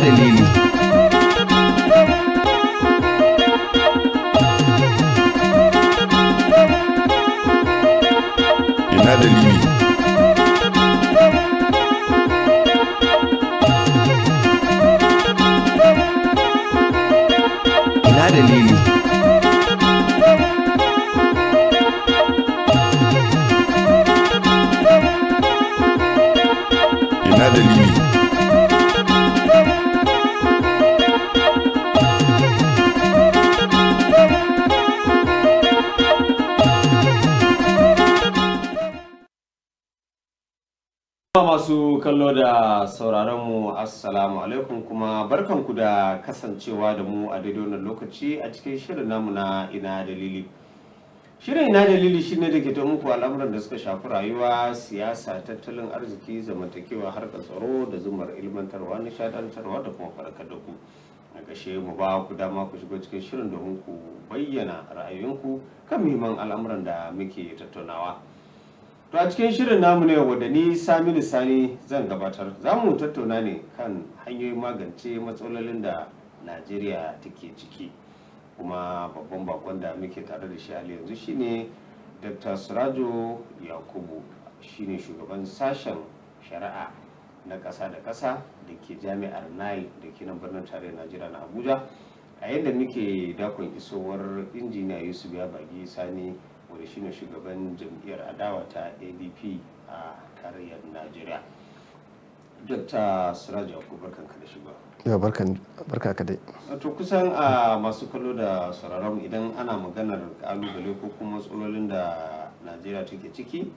Lili. masu sauraron mu assalamu alaikum kuma barkanku da kasancewa da mu a daidai wannan lokaci a cikin shirin namu na ina dalili shirin ina dalili ne da ke muku al'amuran da suka shafi rayuwa siyasa tattalin arziki zamantakewa harkar tsaro da zumar ilmantarwa nishadantarwa da kuma farkar da ku a gashe mu ba ku dama ku shigo cikin shirin domin ku bayyana ra'ayoyinku kan muhimman al'amuran da muke tattaunawa To a cikin shirin namu ne wadda ni Saminu Sani zan gabatar. Za mu tattauna ne kan hanyoyin magance matsalolin da Najeriya take ciki. Kuma babban bakon da muke tare da shi a yanzu shine Dr. Surajo Yakubu shine shugaban sashen shari'a na ƙasa da kasa da ke jami'ar nile da ke nan birnin tarayyar Najeriya na Abuja. A yadda muke dakon isowar injiniya Yusuf ya bagi Sani Bakure shine shugaban jam'iyyar adawa ta ADP a tarayyar Najeriya. Dr. Siraj barkan da shigo. ya barka ka dai. To kusan a masu kallo da sauraron idan ana maganar kalubale ko kuma matsalolin da Najeriya take ciki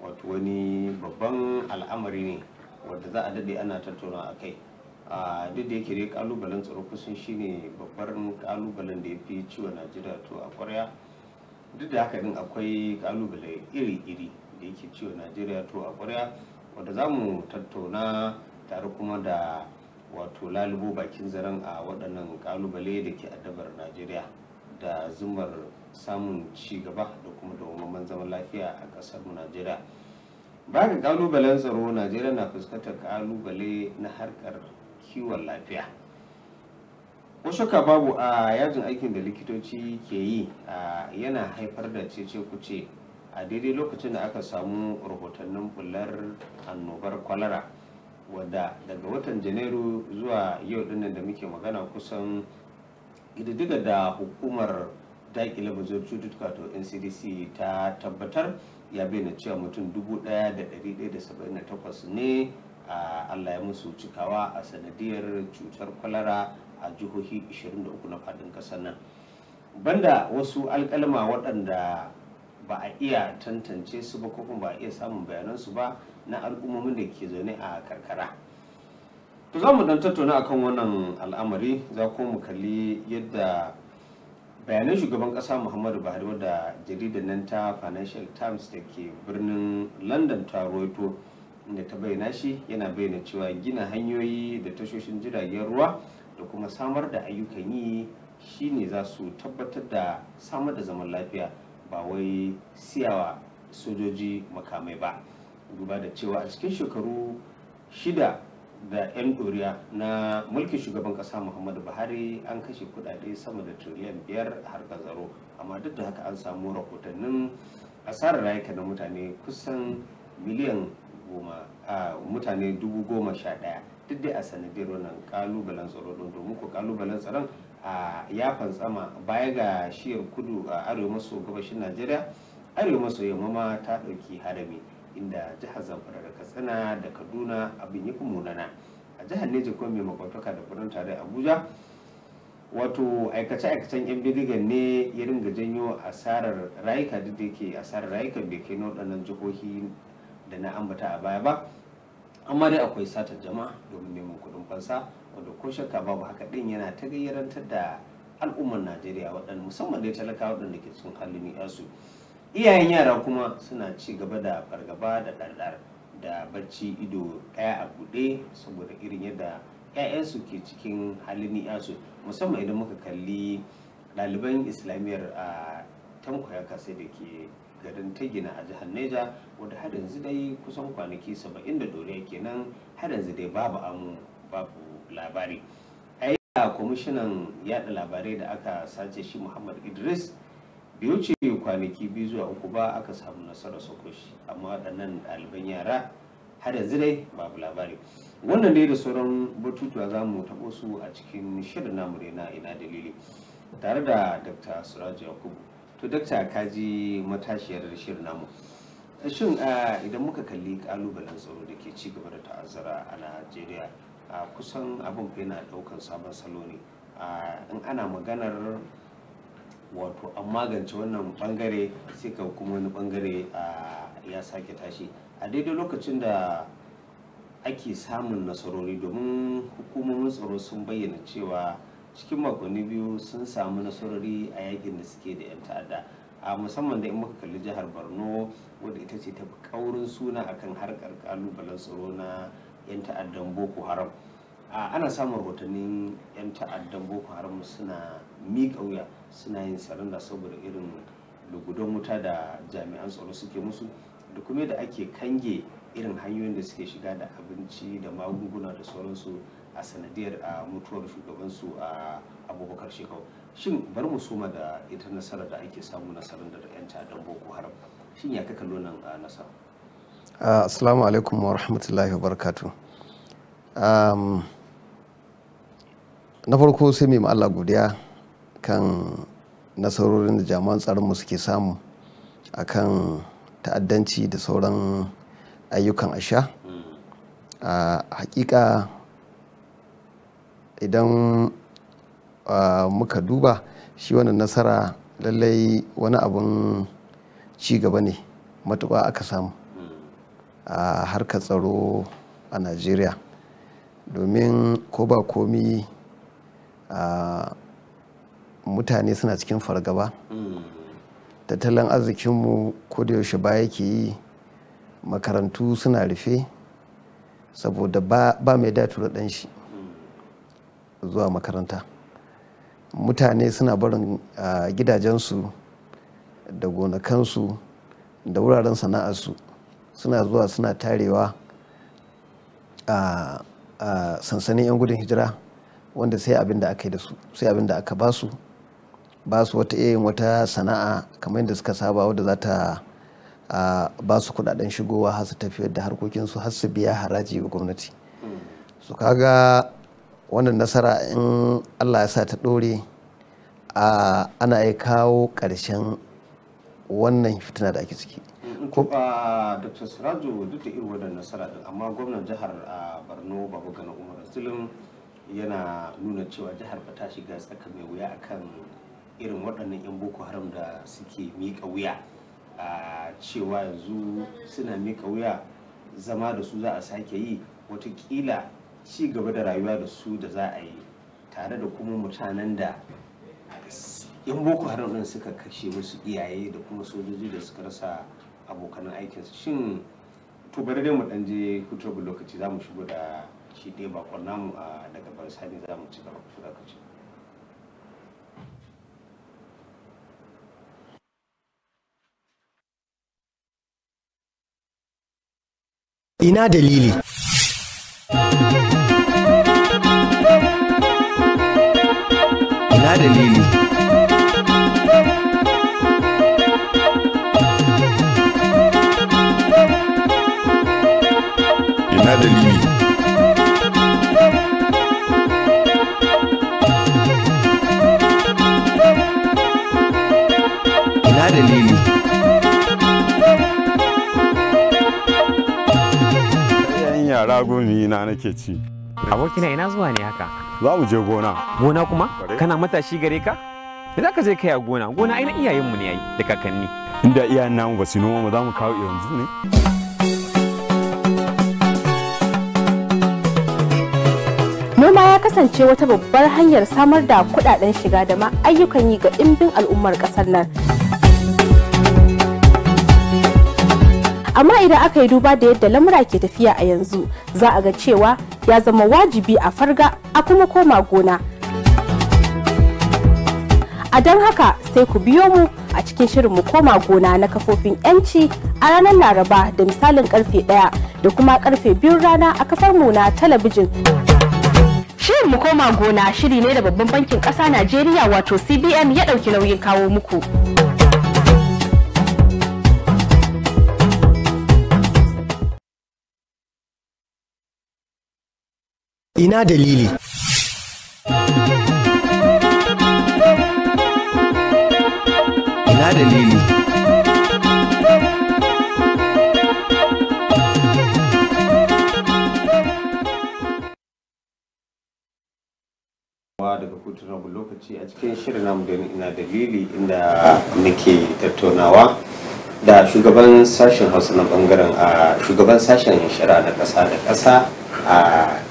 wato wani babban al'amari ne wadda za a dade ana tattauna a kai. a duk da yake dai kalubalen tsaro kusan shine babbar kalubalen da ya fi ciwo najeriya to a kwarya duk da haka din akwai kalubale iri-iri da yake ciwo najeriya to a kwarya wadda za mu tattauna tare kuma da wato lalubo bakin zaren a waɗannan kalubale da ke addabar najeriya da zumar samun ci gaba da kuma dawamamman zaman lafiya a ƙasar mu najeriya ba ga kalubalen tsaro najeriya na fuskantar kalubale na harkar kiwon lafiya wasu ka babu a yajin aikin da likitoci ke yi yana haifar da cece kuce a daidai lokacin da aka samu rahotannin bular annobar kwalara wadda daga watan janairu zuwa yau dinnan da muke magana kusan ƙididdiga da hukumar daƙile bazar cututtuka to ncdc ta tabbatar ya bayyana cewa mutum 1178 ne allah ya musu cikawa a sanadiyar cutar kwalara a jihohi 23 na faɗin ƙasar nan banda wasu alƙalma waɗanda ba a iya tantance su ba kuma ba a iya samun bayanan su ba na al'ummomin da ke zaune a karkara to za mu dan tattauna akan wannan al'amari za kuma mu kalli yadda bayanan shugaban ƙasa muhammadu buhari wadda jaridar nan ta financial times da ke birnin london ta roito inda ta bayyana shi yana bayyana cewa gina hanyoyi da tashoshin jiragen ruwa da kuma samar da ayyukan yi shine za su tabbatar da samar da zaman lafiya ba wai siyawa sojoji makamai ba duba da cewa a cikin shekaru shida da 'yan doriya na mulkin shugaban kasa muhammadu buhari an kashe kudade sama da triliyan biyar har gazaro amma duk da haka an samu rahotannin asarar rayuka na mutane kusan miliyan goma mutane dubu goma sha daya duk dai a sanadiyar wannan kalubalen tsaro don domin ko kalubalen tsaron a ya fantsama baya ga shiyar kudu a arewa maso gabashin najeriya arewa maso yamma ma ta ɗauki harami inda jihar zamfara da katsina da kaduna abin ya munana a jihar neja kuma mai makwataka da birnin tare abuja wato aikace-aikacen yan bidigan ne ya ringa janyo asarar rayuka duk da yake asarar rayuka bai kai na waɗannan jihohi da na ambata a baya ba amma dai akwai satar jama'a domin neman kuɗin fansa wanda ko shakka babu haka din yana ta gayyarantar da al'ummar najeriya waɗanda musamman dai talakawa waɗanda ke cikin halin yasu iyayen yara kuma suna ci gaba da fargaba da ɗarɗar da barci ido ɗaya a buɗe saboda irin yadda 'ya'yansu ke cikin halin yasu musamman idan muka kalli ɗaliban islamiyar a ah, tankwaya kasai da ke garin tagina a jihar neja wadda har yanzu dai kusan kwanaki saba'in da doriya kenan har yanzu dai babu amu babu labari a yi kwamishinan yada labarai da aka sace shi muhammad idris biyu ce kwanaki biyu zuwa uku ba aka samu nasarar sauko shi amma waɗannan ɗaliban yara har yanzu dai babu labari wannan dai da sauran batutuwa za mu taɓo su a cikin shirin namu na ina dalili tare da dr suraj yakubu to dakta ka ji matashiyar shirin namu shin idan muka kalli kalubalen tsaro da ke ci gaba da ta'azzara a najeriya a kusan abin fa yana daukan sabon salo ne in ana maganar wato an magance wannan bangare sai ka kuma wani bangare ya sake tashi a daidai lokacin da ake samun nasarori domin hukumomin tsaro sun bayyana cewa cikin makonni biyu sun samu nasarori a yakin da suke da 'yan ta'adda a musamman da in muka kalli jihar borno wadda ita ce ta kaurin suna akan harkar kalubalen tsaro na 'yan ta'addan boko haram ana samun rahotannin 'yan ta'addan boko haram suna miƙa wuya suna yin saranda saboda irin lugudan wuta da jami'an tsaro suke musu da kuma da ake kange irin hanyoyin da suke shiga da abinci da magunguna da sauransu a sanadiyar a mutuwar shugabansu a abubakar shekau shin bari mu suma da ita nasarar da ake samu nasarar da 'yan don boko haram shin ya ka kallo nan nasara assalamu alaikum wa rahmatullahi wa barakatu na farko sai mai Allah godiya kan nasarorin da jami'an tsaronmu suke samu a kan ta'addanci da sauran ayyukan asha mm. a hakika idan muka duba shi wannan nasara lallai wani abun ci gaba ne matuƙa aka samu a harkar tsaro a najeriya domin ko ba komi mutane suna cikin fargaba tattalin arzikinmu ko da yaushe ba yake yi makarantu suna rufe saboda ba mai datura ɗan shi zuwa makaranta mutane suna barin gidajensu da gonakansu da wuraren sana'arsu suna zuwa suna tarewa a sansanin 'yan gudun hijira wanda sai abin da aka yi da su sai abin da aka ba su ba su wata yin eh, wata sana'a kamar yadda suka saba wadda za ta ba su kudaden shigowa har su tafiyar da harkokinsu har su biya haraji ga gwamnati mm. su kaga wannan nasara in allah ya sa ta ɗore ana ya kawo ƙarshen wannan fitina da ake ciki ko a dr sirajo duk da irin wannan nasara din amma gwamnan jihar borno babu gana umar zulum yana nuna cewa jihar ba ta shiga tsaka mai wuya akan irin waɗannan 'yan boko haram da suke miƙa wuya a cewa yanzu suna miƙa wuya zama da su za a sake yi watakila ci gaba da rayuwa da su da za a yi tare da kuma mutanen da yan boko haram din suka kashe musu iyaye da kuma sojoji da suka rasa abokanan aikinsu shin to bari dai mu dan je da lokaci za mu shigo da shi dai bakon namu a daga barsani za mu ci gaba ku lokaci ina dalili dalili ina dalili ina dalili yara gumi na nake ci abokina ina zuwa ne haka za mu je gona gona kuma kana matashi gare ka da za ka je a gona gona ai na iyayenmu ne yayi da kakanni inda iyayen namu ba su noma mu za mu kawo yanzu ne noma ya kasance wata babbar hanyar samar da kudaden shiga da ma ayyukan yi ga ɗimbin al'ummar ƙasar nan amma idan aka yi duba da yadda lamura ke tafiya a yanzu za a ga cewa ya zama wajibi a farga a kuma koma gona a don haka sai ku biyo mu a cikin shirin mu koma gona na kafofin yanci a ranar laraba da misalin karfe ɗaya da kuma karfe biyun rana a kafar na talabijin shirin mu koma gona shiri ne da babban bankin ƙasa najeriya wato cbn ya ɗauki nauyin kawo muku. Ina dalili. Ina dalili. daga hutun rabu lokaci a cikin shirin namu da ina dalili inda nake tattaunawa da shugaban sashen hausa na bangaren a shugaban sashen shari'a na ƙasa da ƙasa a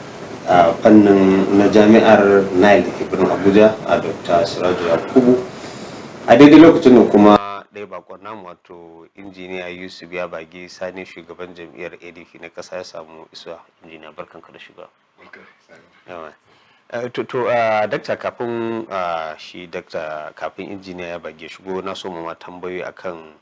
a fannin na jami'ar nile da ke birnin abuja a dr siraju yakubu a daidai lokacin da kuma ɗaya bakon namu wato injiniya yusuf ya bagi sani shugaban jam'iyyar adp na ƙasa ya samu isuwa injiniya barkan ka da shiga eh, to dakta kafin shi dakta kafin injiniya ya bage shigo na soma ma tambayoyi akan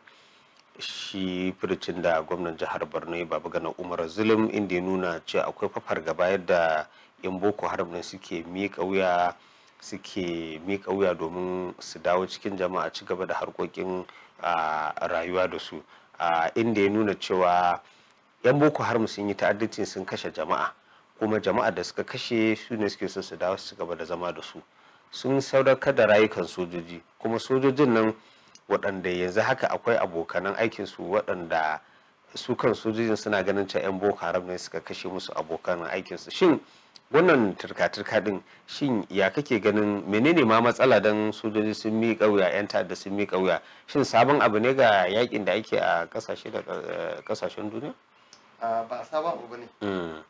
shi firicin da gwamnan jihar borno ya babu gana umar zulum inda ya nuna cewa akwai fafar gaba yadda yan boko haram ne suke miƙa wuya suke miƙa wuya domin su dawo cikin jama'a ci gaba da harkokin rayuwa da su inda ya nuna cewa yan boko haram sun yi ta'addanci sun kashe jama'a kuma jama'a da suka kashe su ne suke son su dawo su gaba da zama da su sun sauraka da rayukan sojoji kuma sojojin nan waɗanda yanzu haka akwai abokanan aikinsu waɗanda su kan sojojin suna ganin ta 'yan boko haram ne suka kashe musu abokan aikinsu shin wannan turka-turka din shin ya kake ganin menene ma matsala don sojoji sun mi kauya 'yan ta'adda sun mi kauya shin sabon abu ne ga yakin da ake a kasashe da kasashen eh, duniya ba a sabon abu ne hmm.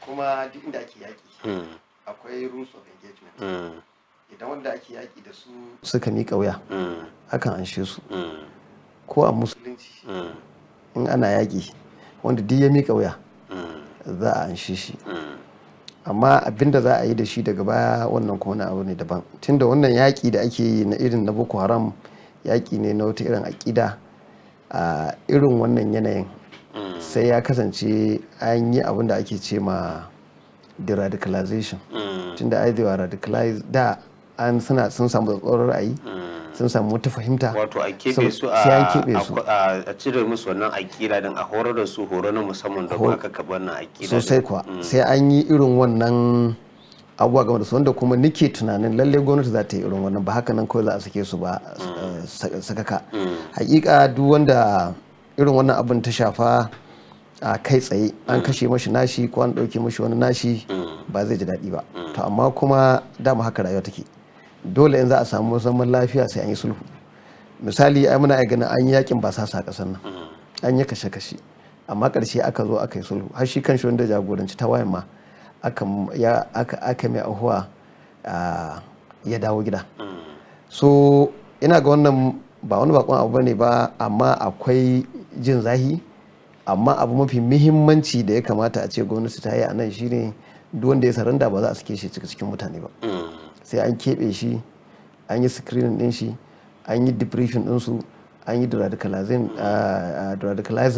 kuma duk inda ake yaki hmm. akwai rules of engagement hmm. idan wanda ake yaƙi da su suka miƙa wuya mm. akan anshe su mm. ko a musulunci mm. in ana yaƙi wanda duk ya miƙa wuya za a anshe shi amma abin da za a yi da shi daga baya wannan kuma na abu ne daban tunda wannan yaƙi da ake yi na irin na boko haram yaƙi ne na wata irin aƙida a irin wannan yanayin sai ya kasance an yi abin da ake ce ma deradicalization tunda ai they da an suna sun samu tsoron ra'ayi hmm. sun samu wata fahimta wato a keɓe su a a cire musu wannan akira din a horar da su horo na musamman da aka kaɓa wannan aƙida sosai kuwa hmm. sai an yi irin wannan abubuwa game da su wanda kuma nike tunanin lalle gwamnati za ta yi irin wannan ba haka nan kawai za a sake su ba hmm. eh, sakaka hakika duk wanda irin wannan abin ta shafa a kai tsaye an kashe mashi nashi ko an ɗauke mashi wani nashi ba zai ji daɗi ba to amma kuma dama haka rayuwa take dole in za a samu zaman lafiya sai an yi sulhu misali ai muna ganin an yi yakin basasa a ƙasar nan mm. an yi kashe-kashe amma ƙarshe aka zo aka yi sulhu har shi kan shi da jagoranci ta wayan ma aka mai ahuwa ya dawo gida mm. so ina ga wannan ba wani bakon abu ne ba amma akwai jin zahi amma abu mafi muhimmanci da ya kamata a ce gwamnati ta yi a nan shine duk wanda ya saranda ba za a sake shi cikin mutane ba. Mm. sai an keɓe shi an yi screening din shi an yi depression ɗinsu an yi radicalizing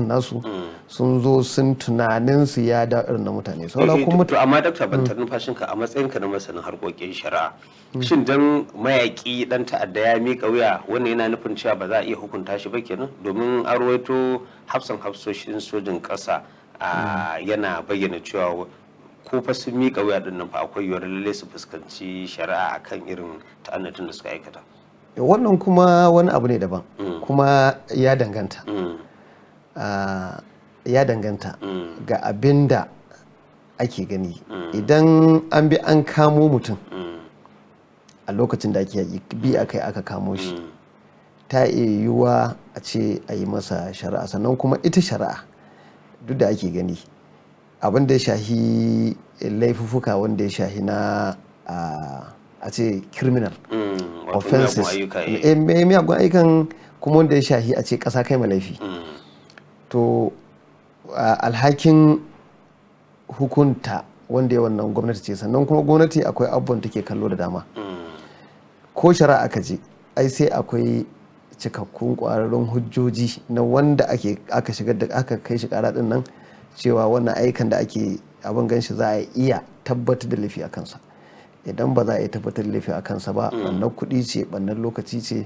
nasu mm. sun zo sun tunaninsu ya da irin na mutane eh, saura eh, kuma mutu amma dakta ban mm. ta numfashinka a matsayinka na masanin harkokin shari'a mm. shin dan mayaki dan ta'adda ya miƙa wuya wannan yana nufin cewa ba za a iya hukunta shi ba kenan domin an rawaito hafsan hafsoshin sojin ƙasa yana bayyana cewa ko fa sun miƙa wuya ɗin nan fa akwai yiwuwar lalle su fuskanci shari'a akan irin ta'annatin da suka aikata eh, wannan kuma wani abu ne daban mm. kuma ya danganta mm. ah, ya danganta mm. ga abin da ake gani idan an bi an kamo mutum a lokacin da ake bi a kai aka kamo shi ta yiwuwa a ce a yi masa shari'a sannan kuma ita shari'a duk da ake gani abin da ya shahi laifuffuka wanda ya shahi na a ce criminal mm, offenses eh. Eh, miyagun ayyukan kuma wanda ya shahi a ce ƙasa kai ma laifi mm. to alhakin hukunta wanda ya wannan gwamnati ce sannan kuma gwamnati akwai abubuwan take kallo da dama mm. ko shari'a aka je ai sai akwai cikakkun kwararrun hujjoji na wanda aka shigar da aka kai shi ƙara din nan cewa wannan aikan da ake abin ganshi za a iya tabbatar da laifi a kansa idan ba za a iya tabbatar da laifi a kansa ba wannan mm. kuɗi ce bannan lokaci ce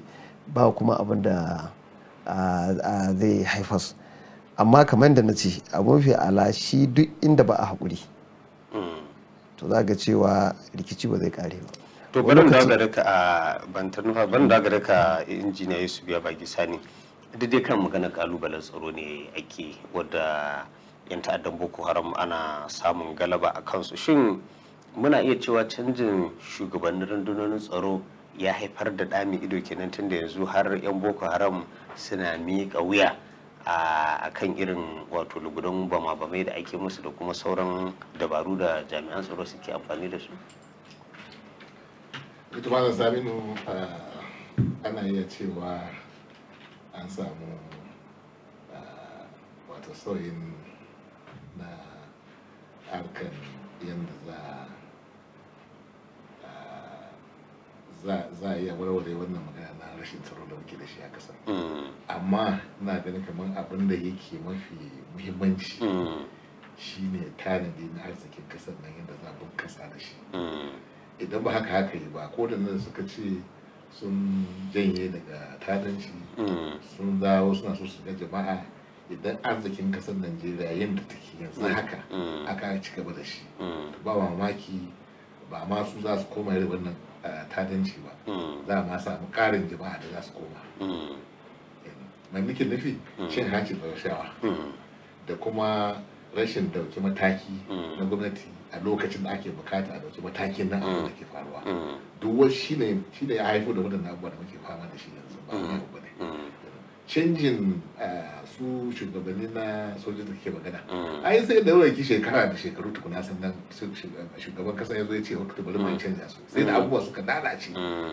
ba kuma abin da zai haifas amma kamar da na ce abin fi ala shi duk inda ba a haƙuri mm. to za ga cewa rikici ba zai kare ba to barin da gare ka a bantar nufa barin da gare ka injiniya yusuf ya bagi sani duk dai kan magana kalubalen tsaro ne ake wadda 'yan ta'addan boko haram ana samun galaba a kansu shin muna iya cewa canjin shugabannin rundunonin tsaro ya haifar da ɗami ido kenan tun da yanzu har 'yan boko haram suna miƙa wuya a kan irin wato lugudan bama-bamai da ake musu da kuma sauran dabaru da jami'an tsaro suke amfani da su ita ana iya cewa an samu wato sauyin harkar yadda za a za a iya warware wannan magana na rashin tsaro da muke da shi a kasar mm. amma na ganin kamar abin da yake mafi muhimmanci mm. shine tanadi na arzikin ƙasar nan yadda za a bunkasa da shi mm. idan ba haka haka yi ba ko da nan suka ce sun janye daga tadanci sun dawo suna so su ga jama'a idan arzikin kasar najeriya yadda take yanzu mm. haka A mm. aka ci gaba da shi mm. ba mamaki ba masu su za su koma yadda wannan eh, tadanci ba za ma samu karin jama'a da za su koma mai nake nufi cin hanci da rashawa da kuma rashin dauki mataki na gwamnati a lokacin da ake bukata a dauki mataki na abu da ke faruwa duk wani shi ne ya haifo da waɗannan abubuwa da muke fama da shi yanzu ba canjin eh, su shugabanni na soja da ke magana yi mm. sai da yawai shekara da shekaru tukuna sannan eh, shugaban kasa ya zo ya ce hukuta bari mai mm. canja su sai da mm. abubuwa suka lalace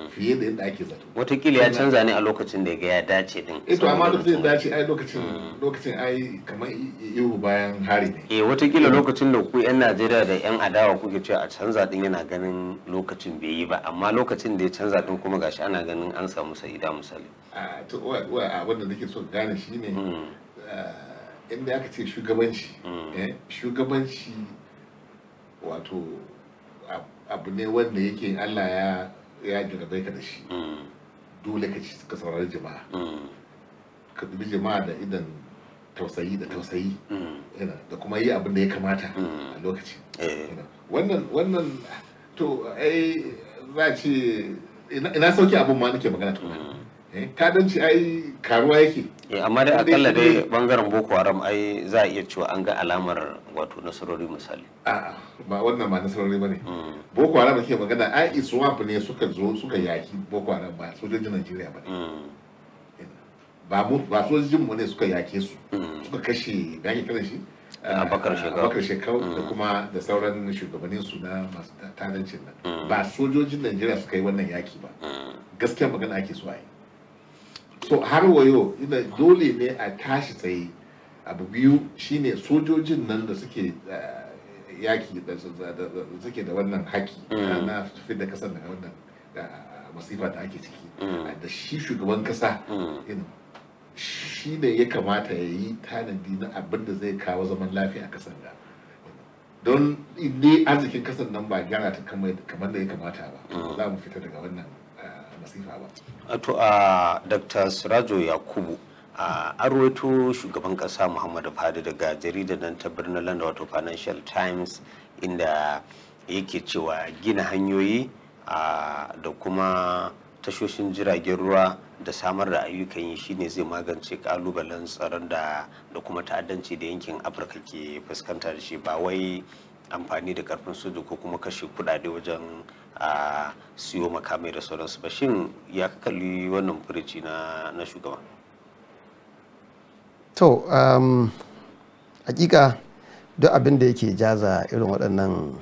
fiye da yadda ake zato watakila ya canza ne a lokacin da ga ya dace din ito eh, amma duk zai dace ai lokacin lokacin ai kamar yau bayan hari ne eh watakila lokacin da ku yan Najeriya da yan adawa kuke cewa a canza din yana ganin lokacin bai yi ba amma lokacin da ya canza din kuma gashi ana ganin an samu sa'ida misali a ah, to wa abin da nake so gane shi ne hmm. eh, inda aka ce shugabanci hmm. eh, shugabanci wato abu ne wanda yake allah ya ya jarabai ka da shi hmm. dole ka ci ka saurari jama'a ka dubi jama'a da idan tausayi da tausayi da kuma yi abin da ya kamata a lokaci eh. wannan wannan to ai za ce ina sauki abin ma nake magana tukuna kadanci eh, ai karuwa yake eh, amma dai akalla dai bangaren boko haram ai za a iya cewa an ga alamar wato nasarori misali a'a ba wannan ba nasarori bane hmm. boko haram ke magana ai iswap ne suka zo suka yaki boko haram ba sojojin Najeriya ba hmm. ba mu ba sojojin mu ne suka yake su hmm. suka kashe da yake kana shi abakar ah, ah, shekau abakar shekau da kuma da sauran shugabannin su na masu tanancin nan ba sojojin Najeriya suka yi wannan yaki ba gaskiya magana ake so a yi so har wayo ina dole ne a tashi tsaye abu biyu shine sojojin nan da suke eh, yaki da suke da wannan haki mm. na fi da kasar da wannan eh, masifa da ake ciki mm. da shi shugaban kasa mm. shi ne ya kamata ya yi tanadi na abin da zai kawo zaman lafiya a kasar da don ne arzikin kasar nan ba gyara ta kamar da ya kamata ba za mu fita daga wannan basira ba to a dr Sirajo yakubu a arwato shugaban kasa muhammadu fadi daga jaridar nan ta birnin london wato financial times inda yake cewa gina hanyoyi da kuma tashoshin jiragen ruwa da samar da ayyukan yi shine zai magance kalubalen tsaron da da kuma ta'addanci da yankin afirka ke fuskanta da shi ba wai amfani da karfin soja ko kuma kashe kudade wajen a siyo makamai da sauransu ba shin ya kalli wannan furici na shugaba to um, hakika duk abin da yake jaza irin waɗannan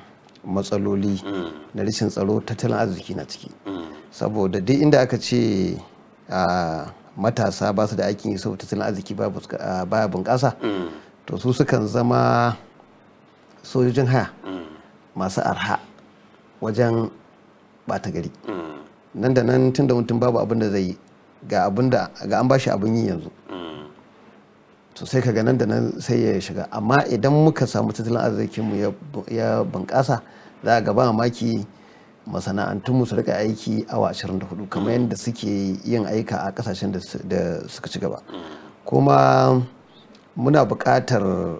matsaloli mm. na rashin tsaro tattalin arziki na ciki mm. saboda duk inda aka ce matasa ba su da aikin yi saboda tattalin arziki baya bunƙasa mm. to su sukan zama sojojin haya masu arha wajen bata gari mm. nan da nan tun da mutum babu abin da zai yi ga abin da ga an bashi abin yi yanzu mm. to sai kaga nan da nan sai ya shiga amma idan muka samu tattalin arzikin mu ya bunƙasa za ga ba maki masana'antunmu su rika aiki awa 24 kamar mm. yadda suke yin aika a kasashen da suka ci gaba kuma muna buƙatar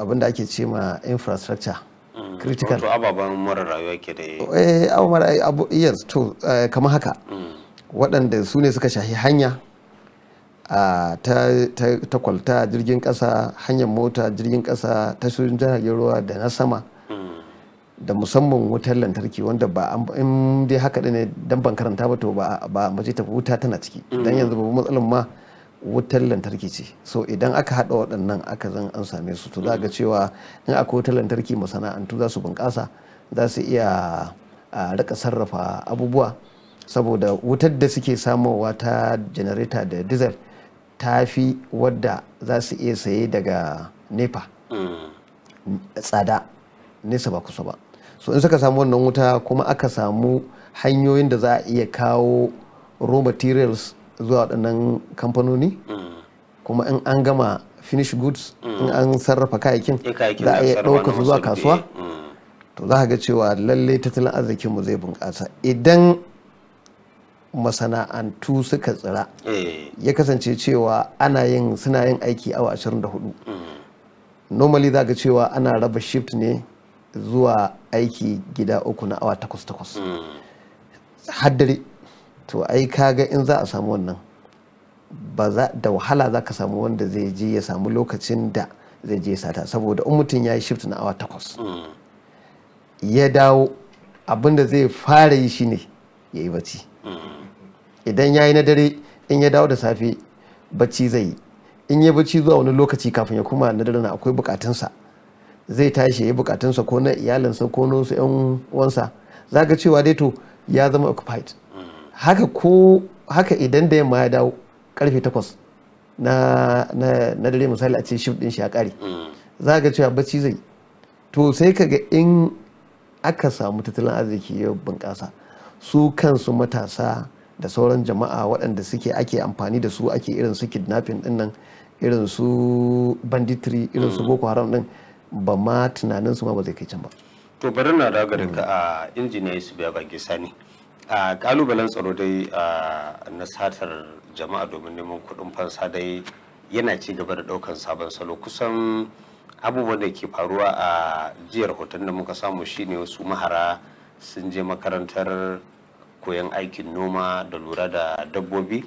abin da ake ce ma infrastructure critical ababan mara rayuwa ke da eh abu mara abu yes to eh, kamar haka mm. waɗanda su ne suka shahi hanya ta kwalta jirgin ƙasa hanyar mota jirgin ƙasa tashoshin jiragen ruwa da na sama mm. da musamman wutar lantarki wanda ba in dai haka ne dan ban karanta ba to ba mace ta wuta tana ciki dan mm. yanzu babu matsalan ma wutar lantarki ce so idan aka haɗa waɗannan aka zan an same su to za ga cewa in akwai wutar lantarki masana'antu za su bunƙasa za su iya rika sarrafa abubuwa saboda wutar da suke samowa ta janareta da diesel ta fi wadda za su iya saye daga nepa hmm. tsada nesa ba kusa ba so in suka samu wannan wuta kuma aka samu hanyoyin da za a iya kawo raw materials zuwa waɗannan kamfanoni kuma in an gama finish goods in an sarrafa kayakin za a iya ɗauka zuwa kasuwa mm. to za ga cewa lallai tattalin arzikinmu zai bunƙasa idan masana'antu suka tsira eh. ya kasance cewa ana yin suna yin aiki awa 24 mm. normally za ga cewa ana raba shift ne zuwa aiki gida uku na awa takwas takwas. Mm. Haddare. to ai kaga in za a samu wannan ba za da wahala za ka samu wanda zai je ya samu lokacin da zai je sata saboda in mutum ya yi shift na awa takwas ya dawo abinda zai fara yi shine ya yi bacci idan ya yi na dare in ya dawo da safe bacci zai yi in ya bacci zuwa wani lokaci kafin ya kuma na dare na akwai bukatunsa zai tashi ya yi bukatunsa ko na iyalinsa ko na wasu yan uwansa za ga cewa dai to ya zama occupied haka ko haka idan da yamma ya dawo karfe takwas na na dare misali a ce shift din shi ya kare mm. za ga cewa bacci zai to sai ka ga in aka samu tattalin arziki ya bunƙasa su kansu matasa da sauran jama'a waɗanda suke ake amfani da su ake irin su kidnapping din nan irin su banditry irin su mm. boko haram ɗin ba ma tunanin su ma ba zai kai can ba to bari na daga ka a injiniya su biya ga sani a kalubalen tsaro dai a nasatar jama'a domin neman kuɗin fansa dai yana ci gaba da ɗaukan sabon salo kusan abubuwan da ke faruwa a jiyar hoton da muka samu shine wasu mahara sun je makarantar koyon aikin noma da lura da dabbobi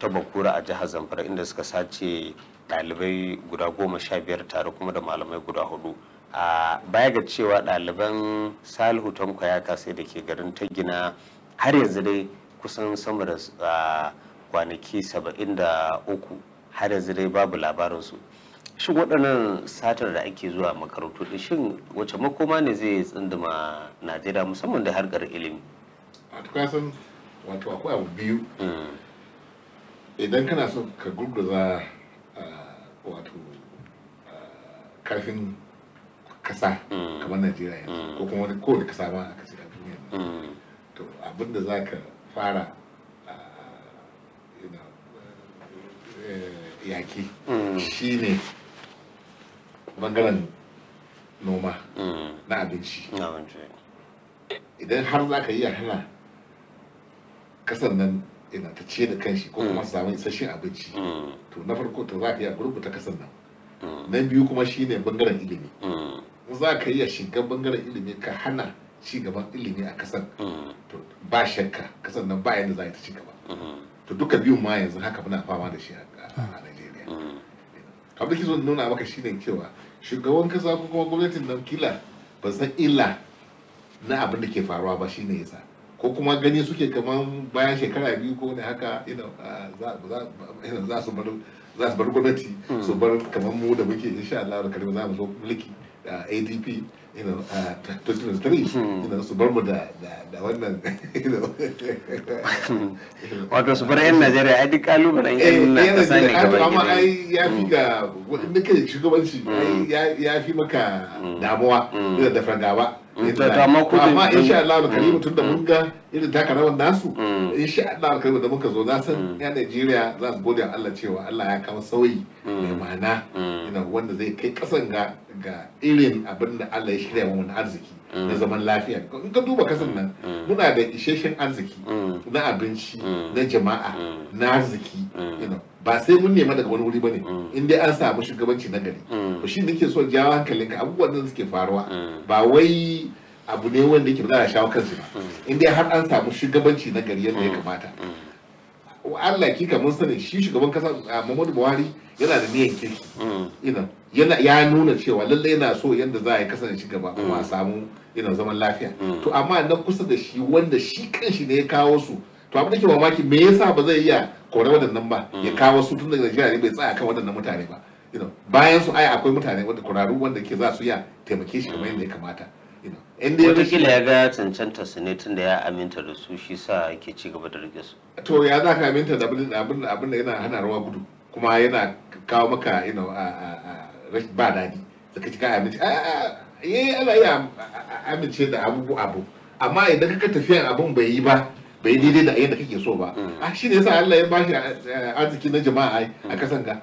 ta bakura a jihar zamfara inda suka sace ɗalibai guda goma sha biyar tare kuma da malamai guda hudu a baya ga cewa ɗaliban salihu tanko ya kasai da ke garin ta gina har yanzu dai kusan sama da kwanaki saba'in da uku har yanzu dai babu labarinsu shin waɗannan satar da ake zuwa makarantu ɗin shin wace makoma ne zai tsinduma najeriya musamman da harkar ilimi ka san wato akwai abu biyu hmm. idan kana son ka gurguza wato karfin kasa hmm. kamar najeriya yanzu hmm. ko kuma kowane kasa ba a duniya to abinda za ka fara ah, eh, yaki mm. ne bangaren noma mm. na abinci idan har za ka yi a hana kasar nan ina ta ce da kanshi ko kuma mm. samun isasshen abinci to na farko ta za ka yi a gurbuta kasar nan na biyu kuma shi ne bangaren ilimi za ka yi a shiga bangaren ilimi ka hana ci gaban ilimi a mm. to ba shakka kasar nan ba yadda za ta ci gaba mm. to duka biyu ma yanzu haka muna fama da shi a mm. Najeriya abin da ke nuna maka shine cewa shugaban kasa ko kuma gwamnatin nan kila ba san illa na abin da ke faruwa ba shine yasa ko kuma gani suke kamar bayan shekara biyu ko ne haka za su bar gwamnati su bar kamar mu da muke insha Allah da karbi za mu zo mulki da ADP you know, uh, 2003 hmm. you know, su bar mu da wannan you know wato su bar yan Najeriya ai duk kalubalen yan na kasa ne gaba ai ya fi ga wanda ke shugabanci ya fi maka damuwa da fargaba Mm. amma in Allah mm. karimu tun da mun ga irin taka rawar nasu mm. in Allah karimu da muka zo na san ya Najeriya za su gode Allah cewa Allah ya kawo sauyi mai ma'ana ina wanda zai kai kasan ga ga irin abin da Allah ya shirya wa wani arziki na zaman lafiya in ka duba kasan nan muna da isasshen arziki na abinci na jama'a na arziki ba sai mun nema daga wani wuri bane mm. in dai an samu shugabanci na gari mm. to shi nake so jawo ka abubuwan da suke faruwa mm. ba wai abu ne wanda yake ba a shawo kansu ba in dai har an samu shugabanci na gari yadda ya kamata Allah kika mun sani shi shugaban kasa ah, Muhammadu Buhari yana da niyan kirki ina yana ya nuna cewa lalle yana so yadda za a yi kasance gaba kuma a samu ina zaman lafiya to amma na kusa da shi wanda shi kanshi ne ya kawo su to abin da ke mamaki me yasa ba zai iya kore waɗannan ba hmm. ya kawo su tun daga Najeriya ne bai tsaya kan waɗannan mutane ba bayan su ai akwai mutane wanda kuraru wanda ke za su iya taimake shi kamar yadda ya kamata wataƙila ya ga cancanta su ne tun da ya aminta da su shi sa ke ci gaba da rike su to ya za ka aminta da abin da yana hana rawa gudu kuma yana kawo maka you know rashin ba daɗi saka ci ka amince Yi ana iya amince da abubu abu amma idan ka tafiya abun bai yi ba bai daidai da yadda kake so ba mm. a ah, shi ne yasa Allah ya bashi eh, arziki na jama'a a mm. kasan ka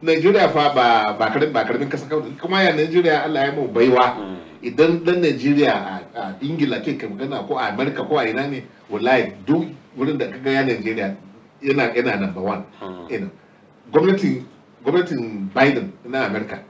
Najeriya fa ba ba karin ba karin kasa kuma ya Najeriya Allah ya mu baiwa mm. idan dan Najeriya a Ingila ke ka magana ko a America ko a ina ne wallahi duk wurin da kaga ya Najeriya yana yana number one ina gwamnatin gwamnatin Biden na America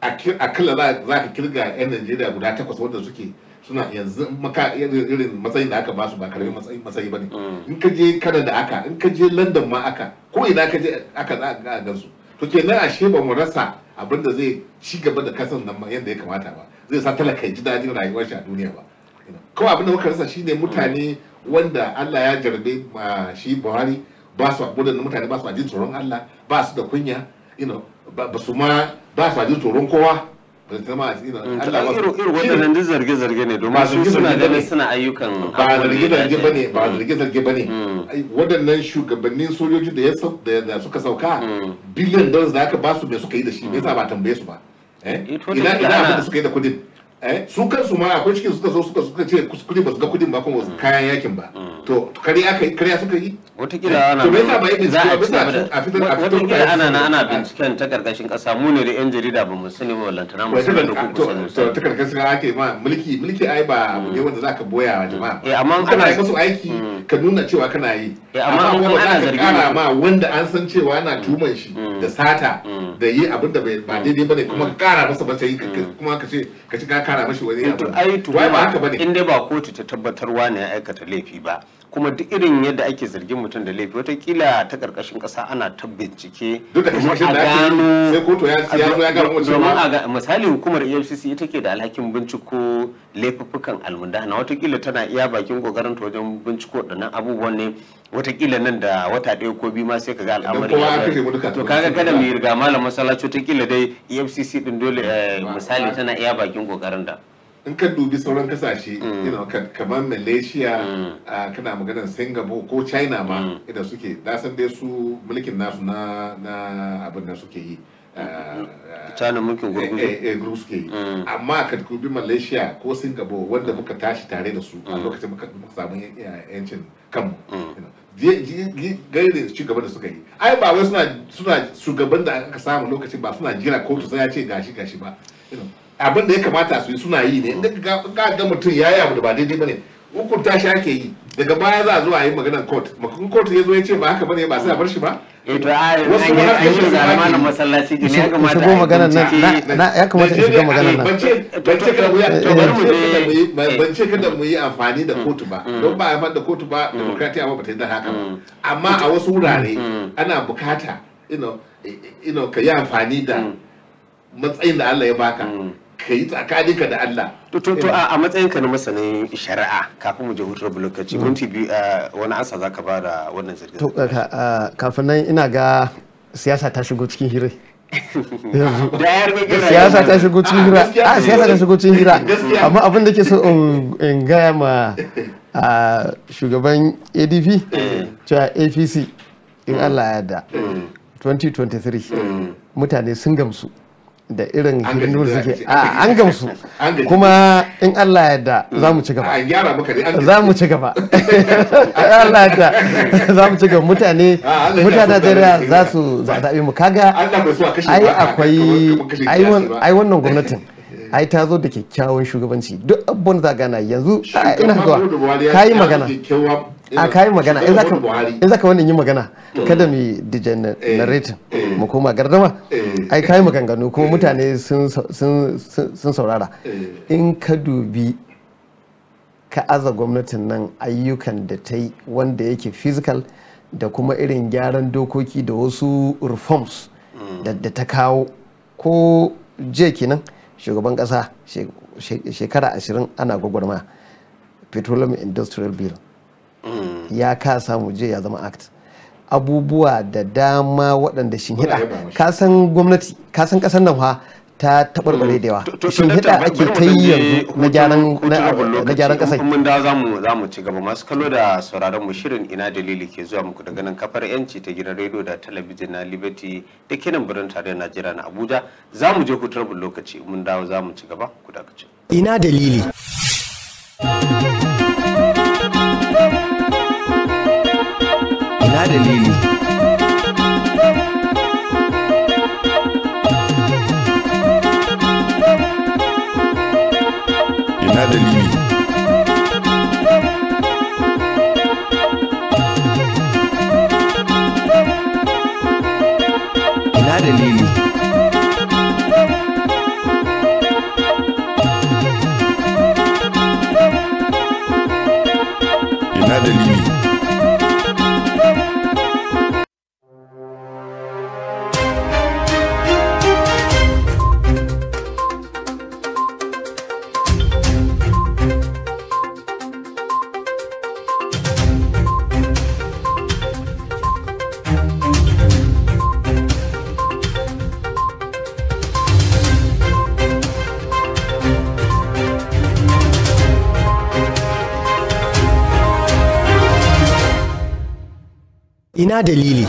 a kila za ka kirga 'yan Najeriya guda takwas wanda suke suna yanzu maka irin matsayin da aka ba su ba karamin matsayi matsayi bane mm. in ka je kada da aka in ka je London ma aka ko ina ka je aka za ga gansu to kenan ashe ba mu rasa abinda zai ci gaba da kasan nan yadda ya kamata ba zai sa talaka ji dadin rayuwar shi a duniya ba kawai abinda da muka rasa ne mutane wanda Allah ya jarbe shi Buhari ba su wadannan mutane ba su jin tsoron Allah ba su da kunya you know ba su ma ba su jin tsoron kowa irin mm, waɗannan duk zarge-zarge ne domin su suna ganin suna ayyukan ba mm. zarge-zarge ba ne ba zarge-zarge ba ne waɗannan shugabannin sojoji da suka sauka mm. biliyan dollars da aka ba su me suka yi da shi me yasa ba tambaye su ba eh? ina ina abin da suka yi da kudin Eh? su kansu ma akwai cikin suka zo suka suka ce kuskure ba su ga kudin ba kuma wasu mm. kayan yakin ba mm. to kare aka yi kare suka yi wataƙila eh. ana to me yasa ba yi bincike a fitar a fitar wataƙila ana na ana ah. binciken ta karkashin ƙasa mu ne da yan jarida ba mu sani ba lantana mu sani da ku to ta karkashin ake ma mulki mulki ai ba abu ne mm. wanda zaka boya wa jama'a eh amma kana yi musu aiki ka nuna cewa kana yi eh amma kuma ana zargi ma wanda an san cewa ana tuman shi da sata da yi abin da ba daidai bane kuma ka kara masa ba sai kuma ka ce ka ci ka kara mashi wani abu ai to ba haka bane in dai ba kotu ta tabbatarwa ne ya aikata laifi ba kuma duk irin yadda ake zargin mutum da laifi watakila ta karkashin kasa ana ta bincike misali hukumar efcc ita ke da alhakin binciko laifukan almundana watakila tana iya bakin kokarin ta wajen binciko nan abubuwan ne watakila nan da wata ɗaya ko biyu ma sai ka ga al'amari to kaga kada mu riga malam masallaci watakila dai efcc din dole eh, misali tana iya bakin kokarin da in ka dubi sauran kasashe mm. kamar malaysia mm. kana maganar singapore ko china ma mm. idan suke san dai su mulkin nasu na abin da suke yi tana mulkin gurguzu eh, eh, eh, suke yi amma ka dubi malaysia ko singapore wanda muka tashi tare da su a lokacin muka samu yancin kanmu gairin ci gaba da suka yi ai ba wai suna shugaban da aka samu lokacin ba suna jira kotu sai ya ce gashi gashi ba abin da ya kamata su yi suna yi ne inda ka ga mutum ya yi abu da ba daidai bane hukunta shi ake yi daga baya za a zo a yi maganar court makon court ya zo ya ce ba haka bane ba sai a bar shi ba eh, to a yi zalamanin masallaci ne ya kamata a maganar nan ya kamata in shiga maganar nan ban ce kada mu yi amfani da mm. kotu ba mm. don ba a haifar da kotu ba mm. demokratiya ba ta yi da haka amma a wasu wurare ana bukata you know ka yi amfani da matsayin da Allah ya baka ka yi tsakaninka da Allah. To a matsayin ka na masanin shari'a kafin mu je hutar lokaci mm. minti biyu wani ansa za ka bada wannan zirga. To kafin nan ina ga siyasa ta shigo cikin hira. siyasa ta shigo cikin hira a siyasa ta shigo cikin hira amma abin da ke so in gaya ma shugaban adp mm. cewa apc in mm. allah ya da 2023 mutane sun gamsu da irin hannu da suke a ah, an gamsu kuma in Allah ya da za mu ci gaba za mu ci gaba Allah ya da za mu ci gaba mutane ah, mutane da za su zaɓi mu kaga ai akwai ai wannan gwamnatin ai ta zo da kyakkyawan shugabanci duk abubuwan za gana yanzu ina zuwa kayi magana a kayi magana in zaka wannan yi magana mm. kada mu degenerate eh. eh. mu koma gardama eh. ai kayi maganganu kuma mutane sun saurara in ka dubi ka aza gwamnatin nan ayyukan da ta yi wanda yake physical da kuma irin gyaran dokoki da wasu reforms mm. da ta kawo ko jiya kenan shugaban kasa shekara ashirin ana gwagwarma petroleum industrial bill mm. ya ka samu je ya zama act abubuwa da dama waɗanda shin hida kasan gwamnati kasan ƙasar nan fa ta tabarbare mm. da yawa shin hada ake ta yi yanzu na gyaran kasai kuma da za mu za mu ci gaba masu kallo da sauraron mu shirin ina dalili ke zuwa muku daga nan kafar yanci ta gidan radio da talabijin na Liberty da kenan birnin tarayyar Najeriya na Abuja za mu je hutar bul lokaci mun dawo za mu ci gaba ku da kace ina dalili ina dalili ina dalili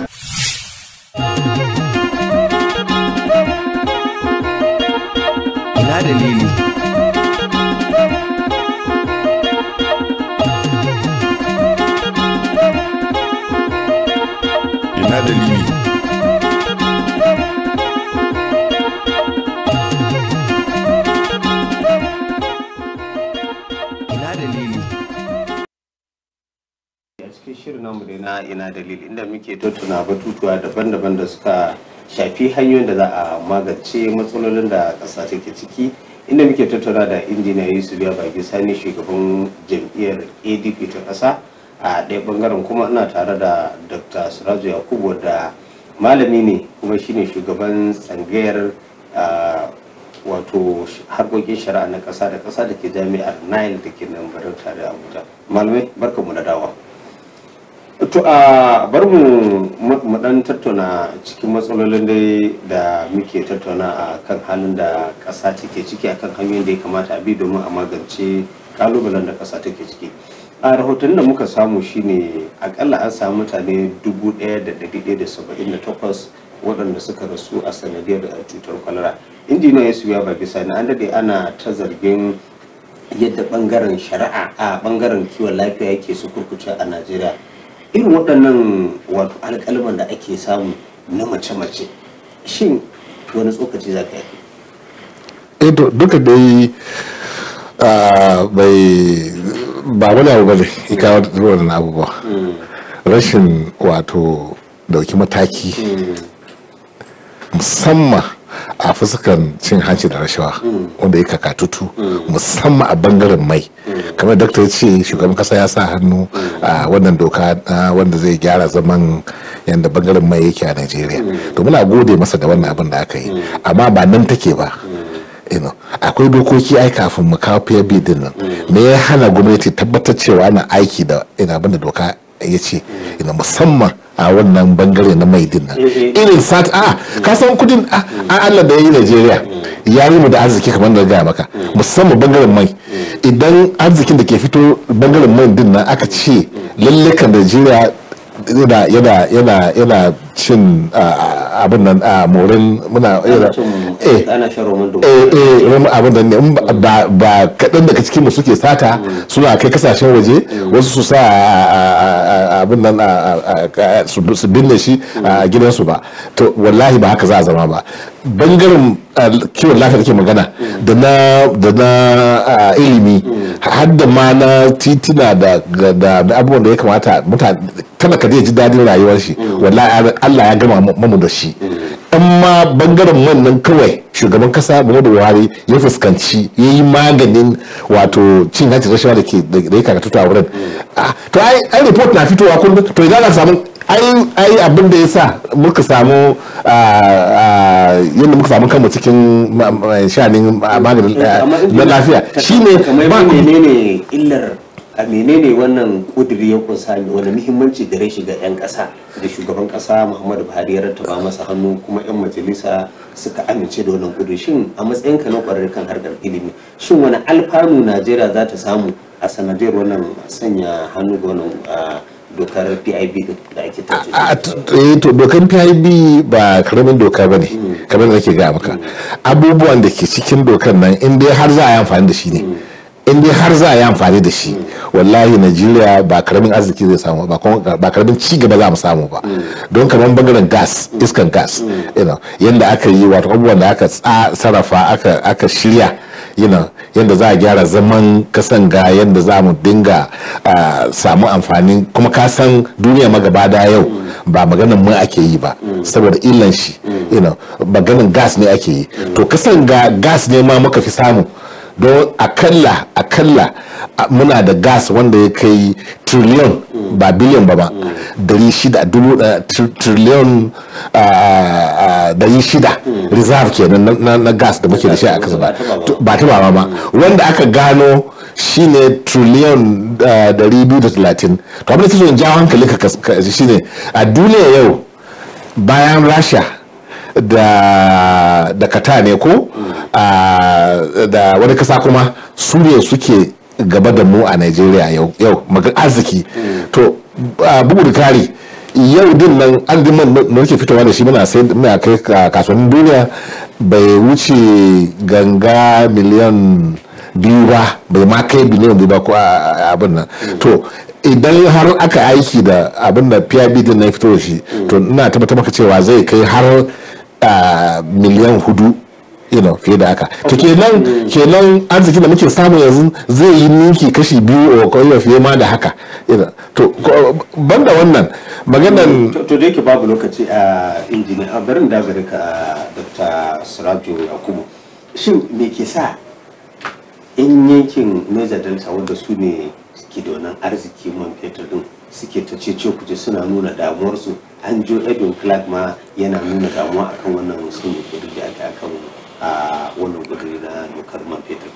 na dalil inda muke tattuna batutuwa daban-daban da suka shafi hanyoyin da za a magance matsalolin da ƙasa take ciki inda muke tattuna da injiniya su biya bagi sani shugaban jam'iyyar adp ta ƙasa a ɗaya ɓangaren kuma ina tare da dr surazu yakubu da malami ne kuma shine shugaban tsangayar wato harkokin shari'a na ƙasa da ƙasa da ke jami'ar nile da ke nan barin tare abuja malamai mu na dawa to a bar mu mu dan tattauna cikin matsalolin dai da muke tattauna a kan halin da ƙasa take ciki a kan hanyoyin da ya kamata a bi domin a magance kalubalen da ƙasa take ciki a rahoton da muka samu shine akalla an samu mutane 1178 waɗanda suka rasu a sanadiyar eh, cutar kwalara injiniya ya suya ba bisa na an daɗe ana ta zargin yadda ɓangaren shari'a a ɓangaren kiwon lafiya yake su kurkuce a najeriya irin waɗannan wato alƙalman da ake samu na mace-mace shin wani tsokaci za ka yi eh, to duka dai bai ba wani abu bane ika kawo da na abubuwa hmm. rashin wato dauki mataki hmm. musamman a fuskan cin hanci da rashawa wanda ya kakatutu musamman a bangaren mai kamar dakta ya ce shugaban kasa ya sa hannu a wannan doka wanda zai gyara zaman yadda bangaren mai yake a najeriya to muna gode masa da wannan abin da aka yi amma ba nan take ba akwai dokoki ai kafin mu kawo fiye bidin nan me ya hana gwamnati tabbatar cewa na aiki da abin da doka ya ce ina musamman a wannan bangare na mai dinnan irin sat a ka san kudin a Allah da yayi Najeriya ya yi mu da arziki kamar da ga maka musamman bangaren mai idan arzikin da ke fito bangaren mai din nan aka ce lalle kan Najeriya yana yana yana yana cin abin nan a morin muna eh, eh, eh abin nan ne ba kaɗan daga cikin mu suke sata mm. suna kai kasashen waje mm. wasu su sa abin nan su binne shi mm. a gidansu ba to wallahi ba haka za a zama ba bangaren kiwon lafiya take magana da na ilimi har da ma na titina da abubuwan da ya kamata mutane kada ka je ji dadin rayuwar shi wallahi Allah ya gama mamu da shi amma bangaren wannan kawai shugaban kasa da Buhari ya fuskanci ya yi maganin wato cin hanci rashawa da ke da ya kakatu a wurin to ai ai report na fitowa kullum to idan ana samu ai ai abin da yasa muka samu yadda muka samu kanmu cikin shanin maganin na lafiya shine ba ne illar a menene wannan kudiri ya kunsa ne wani muhimmanci gare shi ga 'yan ƙasa da shugaban ƙasa muhammadu buhari ya rattaba masa hannu kuma 'yan majalisa suka amince da wannan kudiri shin a matsayinka na ƙwararre kan harkar ilimi shin wani alfanu najeriya za ta samu a sanadiyar wannan sanya hannu ga wannan dokar pib da ake tattace eh, to dokar pib ba karamin doka ba ne hmm. kamar da nake ga maka abubuwan da ke cikin dokar nan in dai har za a yi amfani da shi ne hmm. in dai har za a yi amfani da shi hmm. wallahi Najeriya ba karamin arziki zai samu ba ba karamin ci gaba za mu samu ba don kamar bangaren gas iskan gas yadda aka yi wato abubuwan da aka sarrafa aka aka shirya yanda za a gyara zaman kasan ga yanda za mu dinga samu amfani kuma ka san duniya magaba da yau ba maganan mu ake yi ba saboda illan shi maganan gas ne ake yi to kasan ga gas ne ma muka fi samu don akalla akalla muna da gas wanda ya kai trillion ba biliyon ba ba dari shida dubu eh, trillion dari shida reserve ke na gas da muke da shi a kasa ba ba ta ba ba wanda aka gano shine trillion eh, dari biyu da talatin to abin da ta so in ja hankali ka shine a duniya yau bayan rasha da da kata ne ko da wani kasa kuma su ne suke gaba da mu a Najeriya yau yau magan arziki to bugu da kari yau din nan an diman da ke fitowa da shi muna sai muna kai kasuwannin duniya bai wuce ganga miliyan biyu ba bai ma kai biliyan biyu ba ko abin nan to idan har aka aiki da abin da PIB din na fito shi to ina tabbatar maka cewa zai kai har miliyan hudu you fiye da haka to kenan kenan arziki da muke samu yanzu zai yi ninki kashi biyu o kawai fiye ma da haka you to banda wannan maganan mm, to da yake babu lokaci a injiniya a barin da gari ka dr sirajo yakubu shin me ke sa in yankin niger delta wanda su ne kidonan donan arziki man fetur din suke ta ce kuje suna nuna damuwarsu an jo edwin clark ma yana nuna damuwa akan wannan sulhu kudi da aka akan a wannan kudi na dokar man fetur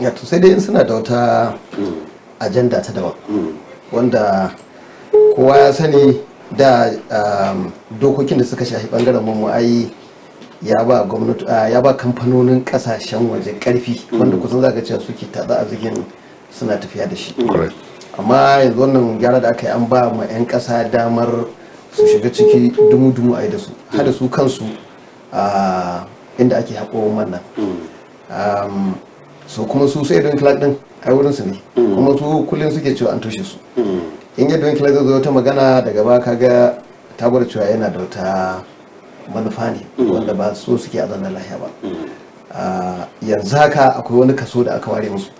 ya to sai dai in suna da wata hmm. ajanda ta daban hmm. wanda kowa ya sani da um, dokokin da suka shafi bangaren mu ai ya ba gwamnati ya ba kamfanonin kasashen waje karfi wanda hmm. kusan zaka ce suke tada a zigin suna tafiya da shi amma yanzu wannan gyara da aka yi an ba ma 'yan ƙasa damar su shiga ciki dumu-dumu a yi da su hada su kansu a inda ake haƙo wannan so kuma su sai don clark din ai wurin su ne kuma su kullum suke cewa an toshe su in yadda don clark zai wata magana daga ba kaga ta gwada cewa yana da wata manufa ne wanda ba so suke a zanen lahiya ba yanzu haka akwai wani kaso da aka ware musu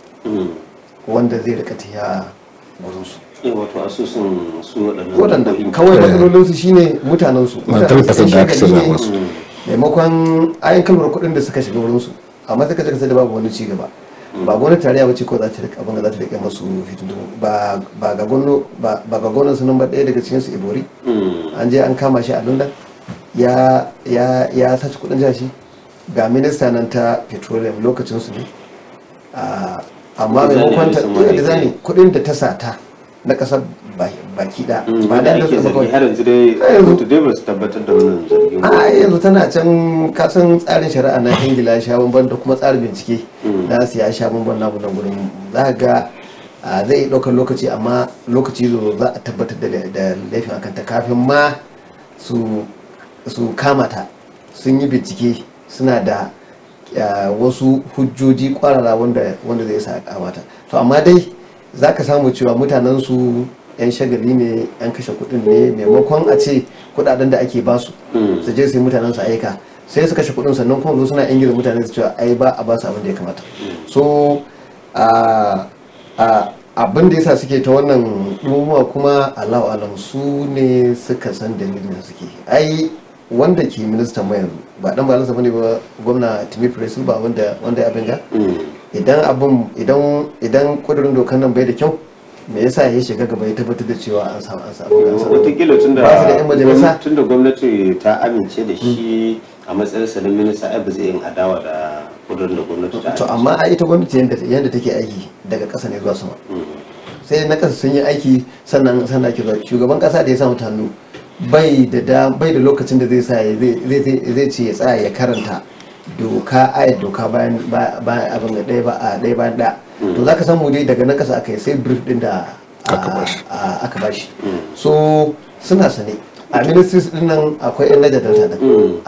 wanda zai rika tiya wato asusun su waɗannan kawai matsalolinsu shine mutanen su shagali ne maimakon a'yan kalmar kuɗin da suka shiga su amma suka shiga sai da babu wani cigaba ba gwamnati tarayya ba ce ko za ta rika abin da za ta rika masu fitintunu ba ga gwamnan sunan ba ɗaya daga cikin su ibori hmm. an je an kama shi a london ya ya ya sace kuɗin jashi ga minista nan ta petroleum lokacin su ne ah, amma mai ta ɗaya eh, da zani kuɗin da ta sata na ƙasar baki da mm, ba da ake zargi har yanzu dai kotu dai ba su tabbatar da wannan zargin a yanzu tana can kasan tsarin shari'a na ingila ya sha bamban da kuma tsarin bincike mm. na su ya sha bamban na gudan gurin za ga zai ɗaukar lokaci amma lokaci zo za a tabbatar da laifin akan ta kafin ma su kamata sun yi bincike suna da wasu hujjoji kwarara wanda zai sa a kawata to amma dai za ka samu cewa mutanen su yan shagali ne yan kashe kudin ne maimakon a ce kudaden da ake basu mm. su je sai mutanen su aika sai su kashe kudin sannan kuma suna yan gida mutane su cewa ai ba a basu abin da ya kamata mm. so abin da yasa suke ta wannan ɗumuwa kuma allahu alam su ne suka san dalilin suke ai wanda ke ministan mai yanzu ba dan balansa bane ba gwamna Timi Presu ba wanda wanda ya binga. Mm. idan abin idan idan kudurin dokan nan bai da kyau me yasa ya shiga gaba ya tabbatar da cewa an samu an samu wataƙila tun da tun da gwamnati ta amince da shi a matsayinsa na minista ai ba zai yin adawa da kudurin da gwamnati ta to amma ai ita gwamnati yadda take aiki daga ƙasa ne zuwa sama mm. sai na ƙasa sun yi aiki sannan sannan ke zuwa shugaban ƙasa da ya samu hannu bai da bai da lokacin da zai sa zai ce ya tsaya ya karanta doka ayat doka bayan abin da ɗaya ba a ɗaya bayan ɗaya mm. to zaka samu dai daga nan kasa aka yi sai brief din da aka bashi mm. so suna sane a ministries din nan akwai yan naja da da.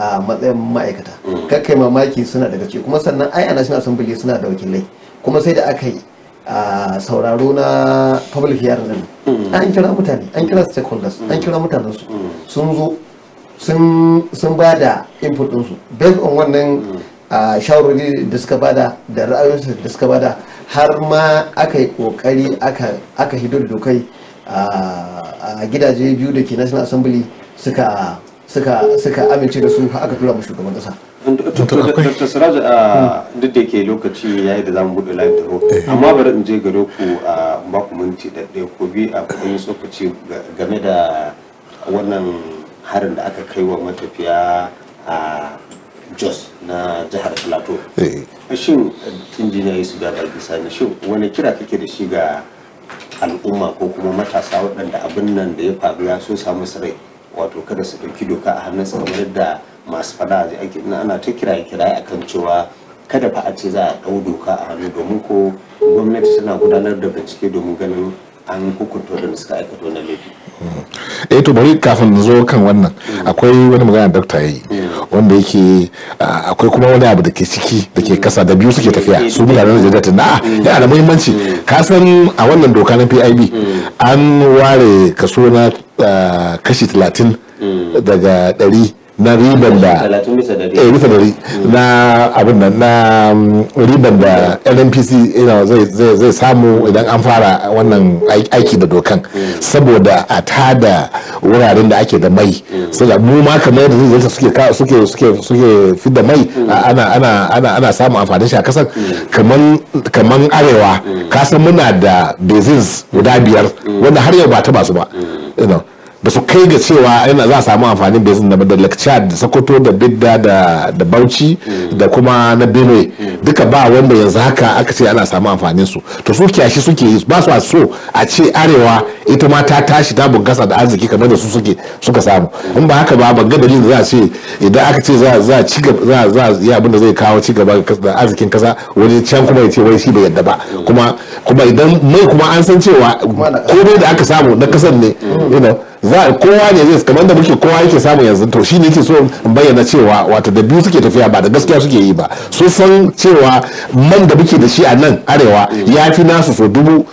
a matsayin ma'aikata mm. kakkai mamaki suna daga ciki kuma sannan ai a national assembly suna da wakilai kuma sai da aka yi a sauraro na public hearing an kira mutane an kira stakeholders an kira mutanen su sun zo sun ba da input ɗinsu based on wannan shawarwari da suka bada da ra'ayoyinsu da suka bada har ma aka yi kokari aka hido da dokai a gidaje biyu da ke national assembly suka amince da su aka tura mu shugaban kasa dr siraj duk da ke lokaci ya yi da zamu buɗe live taro eh. amma bari in je gare ku a baku minti ɗaɗɗaya ko bi a kuɗin tsokaci game da wannan harin da aka kai wa matafiya a jos na jihar plateau eh. shin injiniya su da baki sani shin wani kira kake da shi ga al'umma ko kuma matasa waɗanda abin nan da ya faru ya so samu sarai wato kada su ɗauki doka a hannunsa kamar yadda masu fada da ake ana ta kiraye a akan cewa kada fa a ce za a ɗau doka a hannu domin ko gwamnati tana gudanar da bincike domin ganin an hukunta da suka aikata wannan laifi. eh to bari kafin zo kan wannan akwai wani magana dokta yayi mm. wanda yake akwai kuma wani abu da ke ciki da ke kasa da biyu suke tafiya mm. su mutanen jaddatin na mm. yana da muhimmanci ka san a wannan doka na PIB an ware kaso na kashi talatin daga na riban da eh bisa dari hmm. na abin nan na mm, riban da NNPC zai samu idan an fara wannan aiki da dokan hmm. saboda a tada wuraren da ake da mai hmm. saboda mu ma kamar yadda zai suke suke suke suke fi da mai ana ana ana ana samu amfanin shi a kasar kaman kaman arewa san muna da basins guda biyar wanda har yau ba ta basu ba you know ba su kai ga cewa yana za a samu amfanin basin da da lakchad da sakoto da bidda da bauchi mm. da kuma na benue mm. duka ba wanda yanzu haka aka ce ana samu amfanin su to su kiyashi suke yi ba su a so a ce arewa ita ma ta tashi ta bunkasa da arziki kamar da su suke suka samu in ba haka ba ban ga dalilin za a ce idan aka ce za a ci gaba za a yi abin da zai kawo ci gaba da arzikin kasa wani can kuma ya ce wai shi bai yadda ba kuma kuma idan mai kuma an san cewa komai da aka samu na kasar ne mm. you know za kowa ne zai kamar da muke kowa yake samu yanzu to shine yake so in bayyana cewa wato da biyu suke tafiya ba da gaskiya suke yi ba su san cewa man da muke da shi a nan arewa ya fi nasu so dubu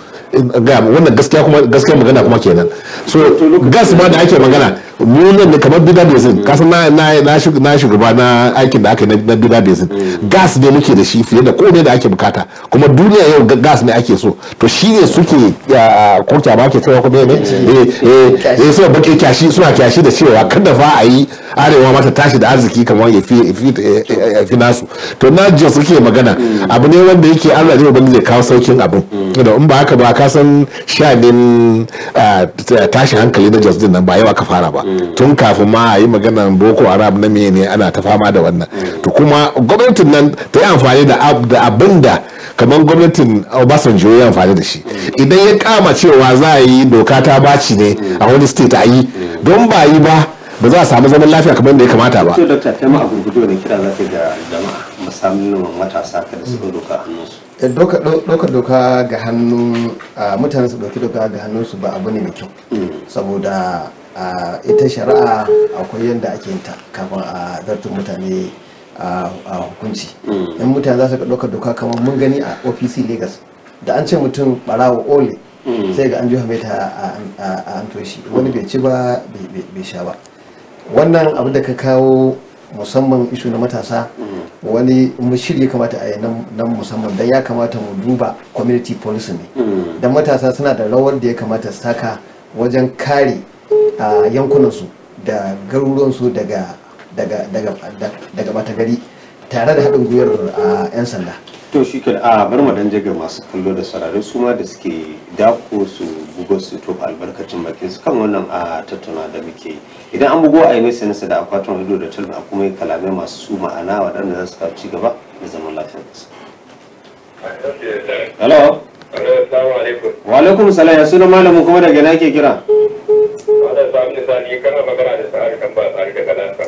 ga wannan gaskiya kuma gaskiya magana kuma kenan so gas ma da ake magana munan da kamar bida basin kasa na na na shugaba na aikin da aka yi na bida basin gas ne muke da shi fiye da kome da ake bukata kuma duniya yau gas ne ake so to shi ne suke kurta ba ke cewa kuma ne eh, eh, eh suna bakin kyashi suna kyashi da cewa kada fa a yi arewa mata tashi da arziki kamar ya fi nasu to na jiya suke magana hmm. abu ne wanda yake Allah ne wanda zai kawo saukin abu da hmm. in ba haka ba ka san shanin ah, tashin hankali na jos din nan ba yau aka fara ba tun kafin ma a yi maganar boko haram na mene ana ta fama da wannan to kuma gwamnatin nan ta yi amfani da abin da kamar gwamnatin obasanjo ya amfani da shi idan ya kama cewa za a yi doka ta baci ne a wani state a yi don ba yi ba ba za a samu zaman lafiya kamar da ya kamata ba. Dokta, ma kira jama'a musamman matasa kada doka ɗaukar eh, doka ga hannun ah, mutane su ɗauki doka ga hannunsu ba abu ne mai kyau hmm. saboda ita shari'a akwai yadda ake yin ta kafin a zartun mutane a hukunci yan mm. mutane za su ɗauka doka kamar mun gani a ofc lagos da an ce mutum barawa ole mm. sai ga an ji mai ta a toshi wani bai ci ba bai sha ba wannan abu da ka kawo musamman isu na matasa mm. wani shirya kamata a yi nan musamman don ya kamata mu duba community policy ne don matasa suna da rawar da ya kamata saka wajen kare a yankunansu da garuruwansu daga daga bata gari tare da haɗin gwiwar 'yan sanda to shi kan a bar mu dan jaga masu kallo da sararin su ma da suke dako su bugo su to albarkacin bakin su kan wannan a tattauna da muke idan an bugo a yi nesa da akwatin ido da talma a kuma yi kalamai masu su ma'ana waɗanda za su ci gaba da zaman lafiya Hello? wa alaikum salam ya suna malamin kuma daga na ke kira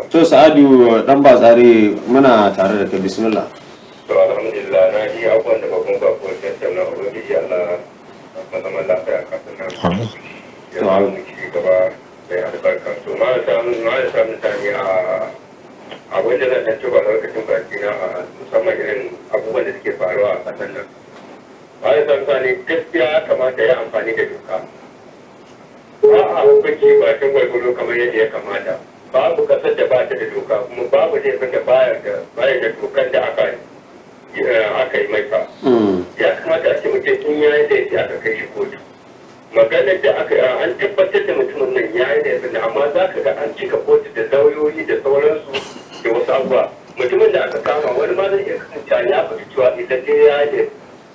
to sa'adu dan ba tsari muna tare da kai bismillah to alhamdulillah na yi abubuwan da babban bako ya ce na ubangiji Allah musamman lafiya kafin na ya ba mu ci gaba da albarka to ma da ma da samun tani a abin da zan tantu ba lokacin baki na musamman irin abubuwan da suke faruwa a kasar nan bayan amfani gaskiya kamata ya amfani da doka ba a hukunci ba tun gwargwaro kamar yadda ya kamata babu kasar da ba ta da doka kuma babu laifin da bayar da bayar da dokan da aka eh, aka yi mai hmm. ya kamata a ce mutum in ya yi laifi aka kai shi kotu maganar da aka eh, an tabbatar da mutumin nan ya yi laifin amma za ka ga an cika kotu da lauyoyi da sauransu da wasu abubuwa mutumin da aka kama wani ma zai iya kasance ya fahimci cewa idan ya yi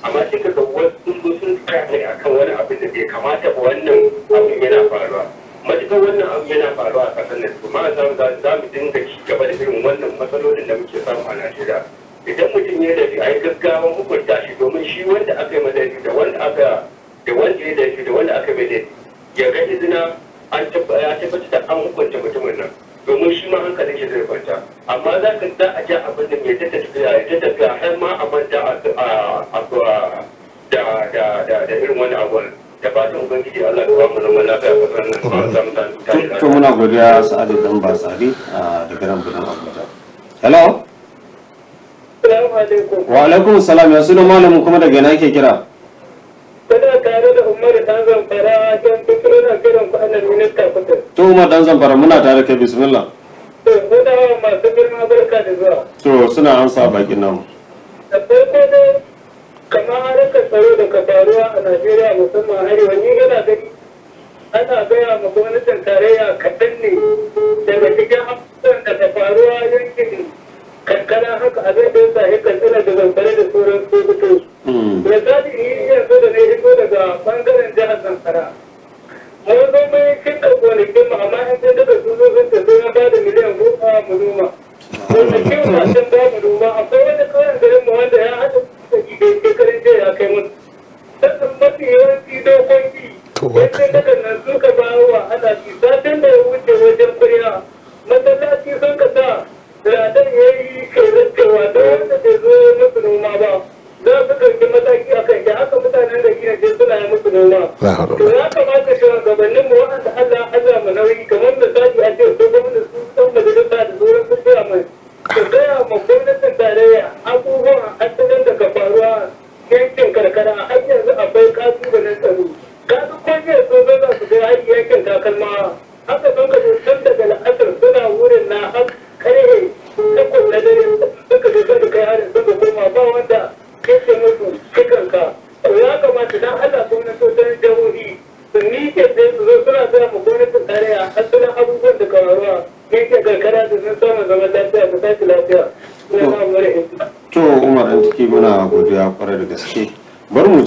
amma sai ka ga wasu sun sun tsaya kan wani abin da bai kamata ba wannan abin yana faruwa matuƙar wannan abu yana faruwa a ƙasar nan kuma a samu za mu dinga ci gaba da irin wannan matsalolin da muke samu a najeriya idan mutum ya dafi a yi mu hukunta shi domin shi wanda aka yi madadi da wanda aka da wanda ya dafi da wanda aka mai dafi ya ga izina an tabbata da an hukunta mutumin nan domin shi ma hankali ke zai kwanta amma za ka da a ja abin da mai ta tafiya ya ta tafiya har ma a manta a da da irin wani abu da fatan ubangiji Allah ya mu zama lafiya a kasar nan to muna godiya sa'adu dan basari daga nan birnin Abuja hello wa alaikum salam ya sunan malamin kuma daga yana yake kira Tana tare da Umaru dan zamfara don tuturo na kiran ku annan minista kudu. To Umar dan zamfara muna tare ke, bismillah. To muna wa masu girma barka da zuwa. To suna ansa bakin namu. Da farko dai kamar harkar tsaro da ka faruwa a Najeriya musamman arewa ni yana gani ana gaya ma gwamnatin tarayya kaɗan ne daga cikin abubuwan da ka faruwa yankin karkara haka abin da ya sa ya kankana da zamfara da sauran su da zaɓi ni yanzu da na hito daga ɓangaren jihar zamfara mun zo da gonakin mu amma in sai daga sun zo sun ba da miliyan goma mu noma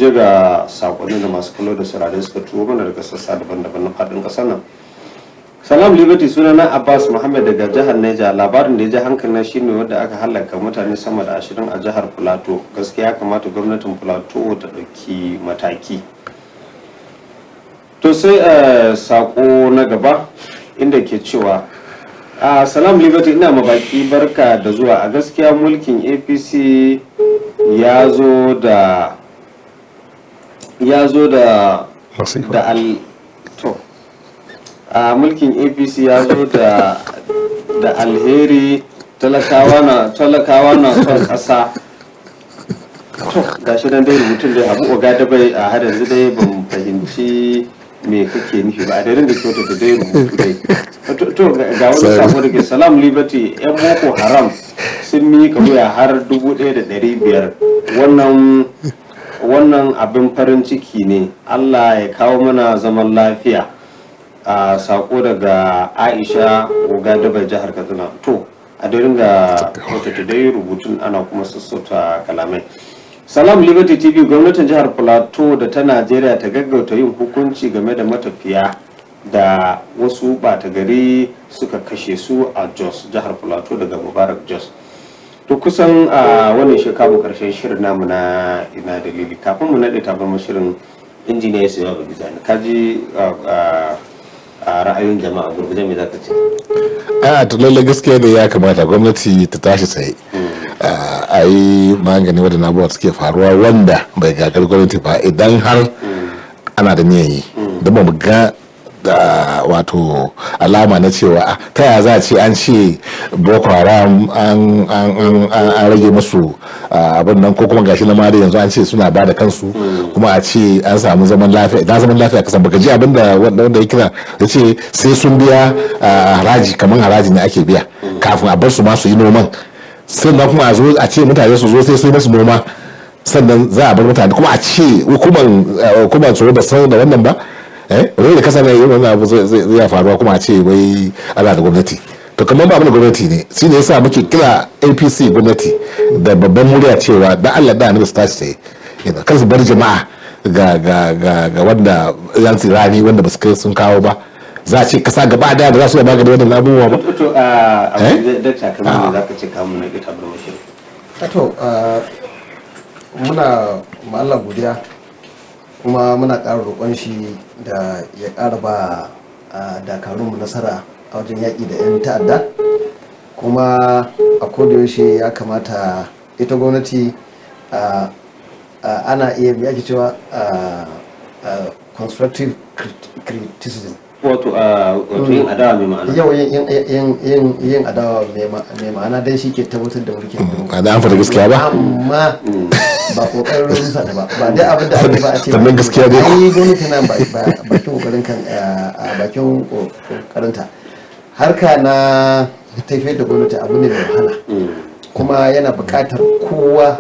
je da sakonnin da masu kallo da saurare suka turo mana daga sassa daban-daban na faɗin ƙasar nan salam liberty sunana abbas muhammad daga jihar neja labarin da ya ji hankalin shine wanda aka halaka mutane sama da ashirin a jihar plateau gaskiya kamata gwamnatin plateau ta ɗauki mataki to sai a eh, sako na gaba inda ke cewa a ah, salam liberty ina mabaki barka da zuwa a gaskiya mulkin apc ya zo da ya zo da da al to a mulkin apc ya zo da da alheri talakawa na talakawa na son ƙasa to gashi nan dai rubutun dai abu oga da bai a har yanzu dai ban fahimci me kake nufi ba a da rinda kyauta da dai rubutu dai to ga wani sabo da ke salam liberty yan boko haram sun miƙa wuya har dubu ɗaya da ɗari biyar wannan wannan abin farin ciki ne allah ya kawo mana zaman lafiya a sako daga aisha ogadabar jihar katsina to a daren ga kwatata dai rubutun ana kuma sassauta kalamai salam liberty tv gwamnatin jihar plateau da ta najeriya ta gaggauta yin hukunci game da matafiya da wasu bata gari suka kashe su a jos jihar plateau daga mubarak jos to kusan a wannan shekaru karshen shirin namu na ina dalili kafin mu naɗe tabar shirin injiniya ya sayo abu ne ka ji a ra'ayin jama'a gurguza me za ta ce a to lallai gaskiya da ya kamata gwamnati ta tashi tsaye hmm. a yi magani wadda buwa suke faruwa wanda bai gagar gwamnati ba idan har hmm. ana da niyan yi hmm. don ba mu ga wato alama na cewa ah, ta yaya za a ce an ce boko haram an rage musu abin nan ko kuma gashi na mari yanzu an ce suna ba da kansu kuma a ce an samu zaman lafiya idan zaman lafiya kasan baka ji abin da wanda ya kira ya ce sai sun biya haraji kamar haraji ne ake biya kafin a bar su ma su yi noman sannan kuma a zo a ce mutane su zo sai su yi masu noma sannan za a bar mutane kuma a ce hukumar tsaro da san da wannan ba eh da kasa ne yin wani abu zai faruwa kuma a ce wai ana da gwamnati to kamar ba da gwamnati ne shi ne yasa muke kira apc gwamnati da babban murya cewa da allah da annabi su tashi yi kar su bar jama'a ga ga ga ga wanda yan rani wanda ba su kai sun kawo ba za a ce kasa gaba daya ba za su yaba gaba wannan abubuwa ba to ah, eh? a dakta kamar ah. za ka ce kamun na ita burmushin eh, to ah, muna ma godiya kuma muna ƙara roƙon shi da ya ƙara ba a dakarunmu nasara a wajen yaƙi da 'yan ta'adda kuma a kodayaushe ya kamata ita gwamnati ana iya yaki cewa constructive criticism wato a ah, yin adawa mai ma'ana yau yin yin yin yin yin adawa mai ma'ana dan shi ke tabbatar da mulkin mm, a da an fara gaskiya ba amma ba kokarin rusa da ba ba dai abin da aka ba a ce sannan gaskiya dai ai gwamnati na bakin kokarin kan ah, ah, bakin kokarinta harka na tafiyar da gwamnati abu ne mai wahala mm. kuma yana buƙatar kowa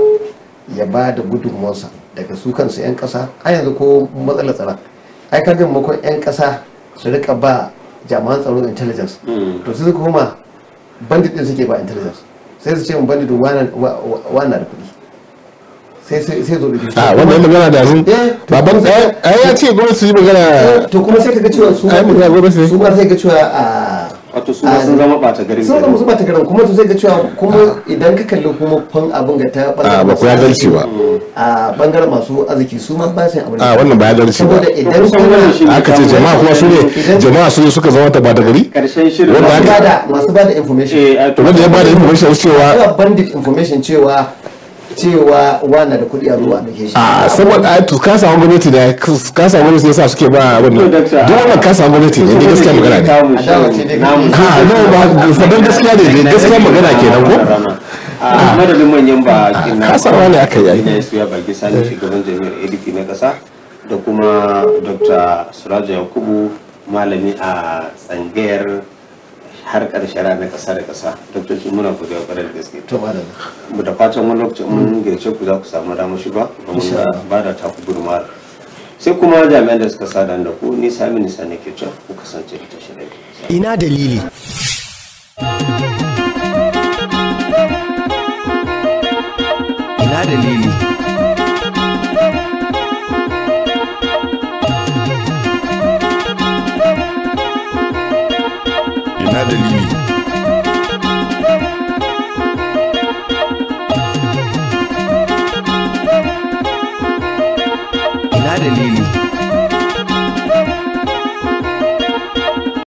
ya ba da gudunmuwarsa daga su kansu 'yan ƙasa a yanzu ko matsala tsaron ai ka makon 'yan ƙasa su rika ba jami'an tsaro intelligence hmm. to su kuma bandit din suke ba intelligence sai su ce mun bandit wana da kuɗi sai zo da a ah, wannan magana da sun eh, baban ya ce gwamnati su yi magana eh, to kuma sai ka ga cewa su ma sai ka cewa a ah, wato su sun zama bata garin sun zama bata garin kuma to zai ga cewa kuma ah. idan ka kalli kuma fan abin ga ta ah, bangaren ba a bangaren masu arziki su ma ba su abin a ah, wannan ba ya dalci ba saboda idan kuma aka ce jama'a kuma su ne jama'a su ne suka zama ta bata gari karshen shirin masu bada information eh, to wanda ya bada information cewa bandit information cewa cewa wana da kuɗi a zuwa da ke shi a saboda ai to ka samu gwamnati da ka samu gwamnati yasa suke ba wannan duk wannan ka samu gwamnati ne gaskiya magana ne ha no ba fadan gaskiya ne gaskiya magana kenan ko a madadin manyan ba kinna kasarwa ne aka yi ne su ya baki sani shugaban jami'ar ADP na ƙasa da kuma Dr. Suraja Yakubu malami a tsangayar har karshe rana kasa da ƙasa doktoci muna godiya ƙwarar da gaske mu da fatan wani lokaci mun mm. gaishe ku za ku samu dama shi ba ba da taku gurmar sai kuma jami'an da suka sada da ku ni sami nisa ne ke can ku kasance da shirya. ina dalili ina dalili